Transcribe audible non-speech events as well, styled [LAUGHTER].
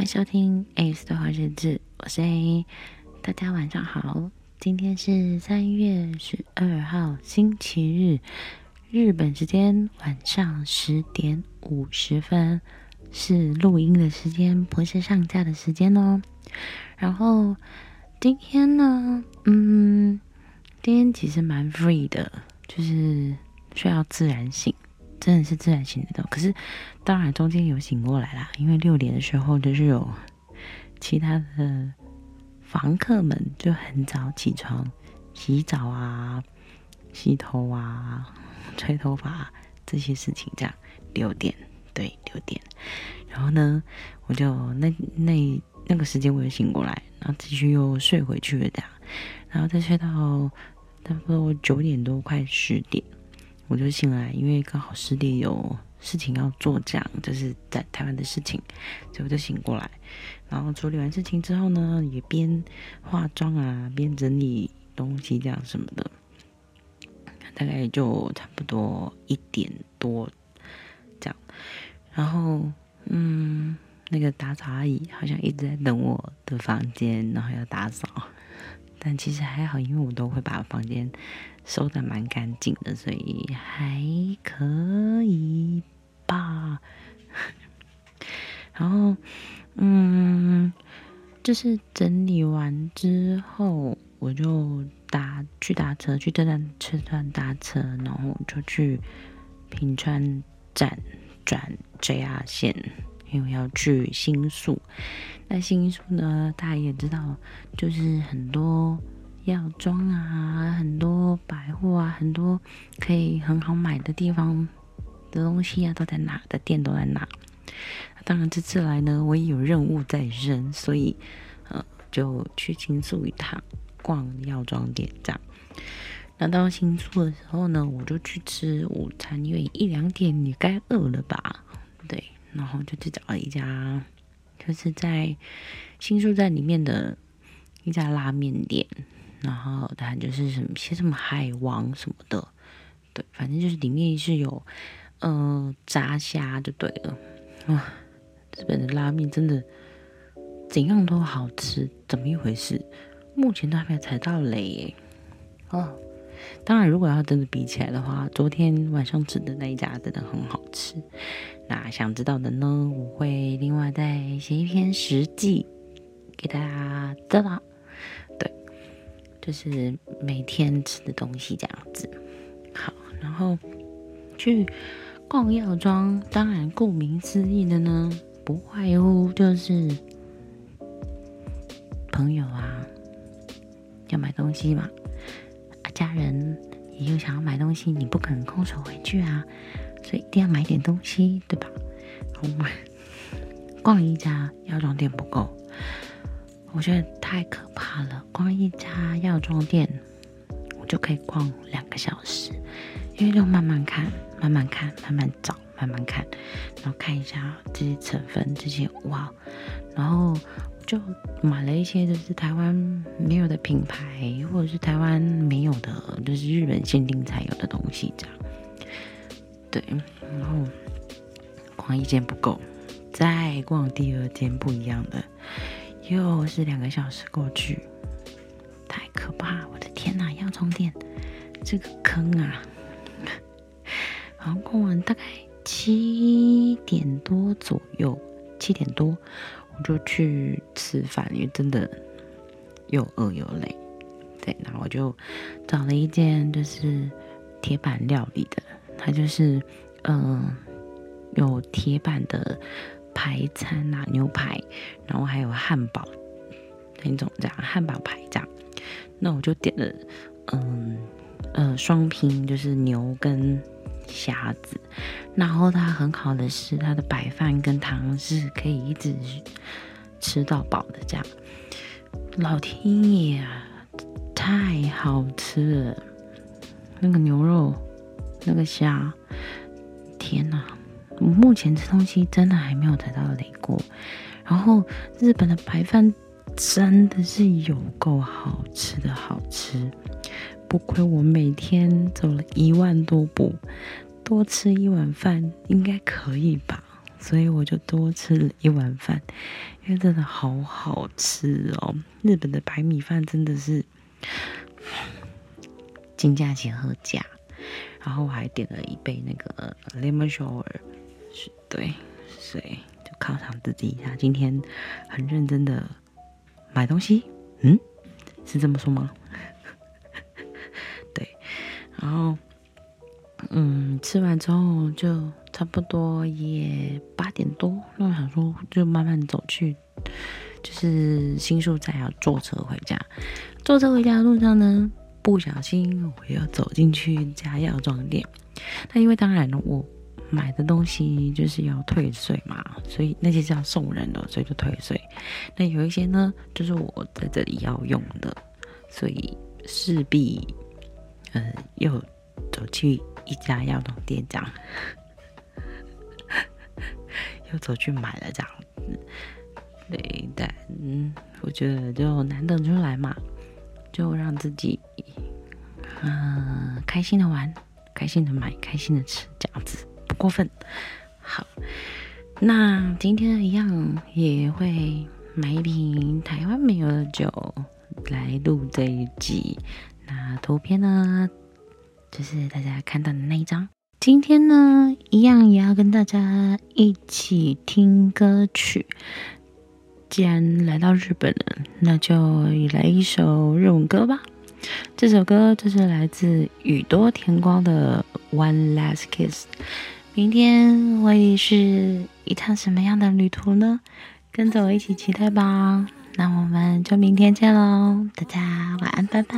歡迎收聽 ACE 的話日志，我是 ACE。大家晚上好，今天是三月十二號星期日，日本時間晚上十點五十分是錄音的時間，不是上架的時間哦。然後今天呢，嗯，今天其實蠻 free 的，就是睡到自然醒。真的是自然醒的，可是當然中間有醒過來啦，因為六點的時候就是有其他的房客們就很早起床、洗澡啊、洗頭啊、吹頭髮啊、這些事情這樣。六點，對，六點。然後呢，我就那那那個時間我又醒過來，然後繼續又睡回去了這樣，然後再睡到差不多九點多快十點。我就醒來，因為剛好師弟有事情要做，這樣就是在台灣的事情，所以我就醒過來。然後處理完事情之後呢，也邊化妝啊，邊整理東西這樣什麼的，大概就差不多一點多這樣。然後，嗯，那個打掃阿姨好像一直在等我的房間，然後要打掃。但其實還好，因為我都會把房間收的蠻乾淨的，所以還可以吧。 [LAUGHS] 然後，嗯，就是整理完之後，我就搭去搭車，去這輛車站搭車，然後就去平川站轉 JR 線。因為要去新宿，那新宿呢，大家也知道，就是很多藥妝啊，很多百貨啊，很多可以很好買的地方的東西啊，都在哪的店都在哪。當然，這次來呢，我也有任務在身，所以，呃，就去新宿一趟逛藥妝店這樣。那到新宿的時候呢，我就去吃午餐，因為一兩點也該餓了吧？對。然後就去找了一家，就是在新宿站裡面的一家拉麵店。然後它就是什麼些什麼海王什麼的，對，反正就是裡面是有呃炸蝦就對了。哇、啊，日本的拉麵真的怎樣都好吃，怎麼一回事？目前都還沒有踩到雷耶。哦，當然，如果要真的比起來的話，昨天晚上吃的那一家真的很好吃。那想知道的呢，我會另外再寫一篇食記給大家知道。對，就是每天吃的東西這樣子。好，然後去逛藥妝，當然顧名思義的呢，不外乎、哦、就是朋友啊，要買東西嘛。啊，家人也有想要買東西，你不可能空手回去啊。所以一定要買點東西，對吧？然後，逛一家藥妝店不夠，我覺得太可怕了。逛一家藥妝店，我就可以逛兩個小時，因為就慢慢看，慢慢看，慢慢找，慢慢看，然後看一下這些成分，這些哇，然後就買了一些就是台灣沒有的品牌，或者是台灣沒有的，就是日本限定才有的東西這樣。對，然後逛一間不夠，再逛第二間不一樣的，又是兩個小時過去，太可怕！我的天哪，要充電，這個坑啊！然後逛完大概七點多左右，七點多我就去吃飯，因為真的又餓又累。對，然後我就找了一間就是鐵板料理的。它就是，嗯、呃，有鐵板的排餐啊，牛排，然後還有漢堡，那種這樣，漢堡排這樣。那我就點了，嗯、呃，呃，雙拼就是牛跟蝦子。然後它很好的是，它的白飯跟湯是可以一直吃到飽的這樣。老天爺，太好吃了，那個牛肉。那個蝦，天吶，我目前吃東西真的還沒有踩到雷過。然後日本的白飯真的是有夠好吃的，好吃！不虧我每天走了一萬多步，多吃一碗飯應該可以吧？所以我就多吃了一碗飯，因為真的好好吃哦！日本的白米飯真的是金價錢合價。然後我還點了一杯那個 lemon shower，是對，所以就犒賞自己一下。今天很認真的買東西，嗯，是這麼說嗎？ [LAUGHS] 對，然後，嗯，吃完之後就差不多也八點多，那我想說就慢慢走去，就是新宿站要坐車回家，坐車回家的路上呢。不小心，我又走進去一家藥妝店。那因為當然我買的東西就是要退稅嘛，所以那些是要送人的，所以就退稅。那有一些呢，就是我在這裡要用的，所以勢必，嗯、呃、又走去一家藥妝店，這樣， [LAUGHS] 又走去買了這樣。對但嗯，我覺得就難得出來嘛，就讓自己。嗯，開心的玩，開心的買，開心的吃，這樣子不過分。好，那今天一樣也會買一瓶台灣沒有的酒來錄這一集。那圖片呢，就是大家看到的那一張。今天呢，一樣也要跟大家一起聽歌曲。既然來到日本了，那就來一首日文歌吧。這首歌就是來自宇多田光的《One Last Kiss》。明天會是一趟什麼樣的旅途呢？跟着我一起期待吧！那我們就明天見嘍，大家晚安，拜拜。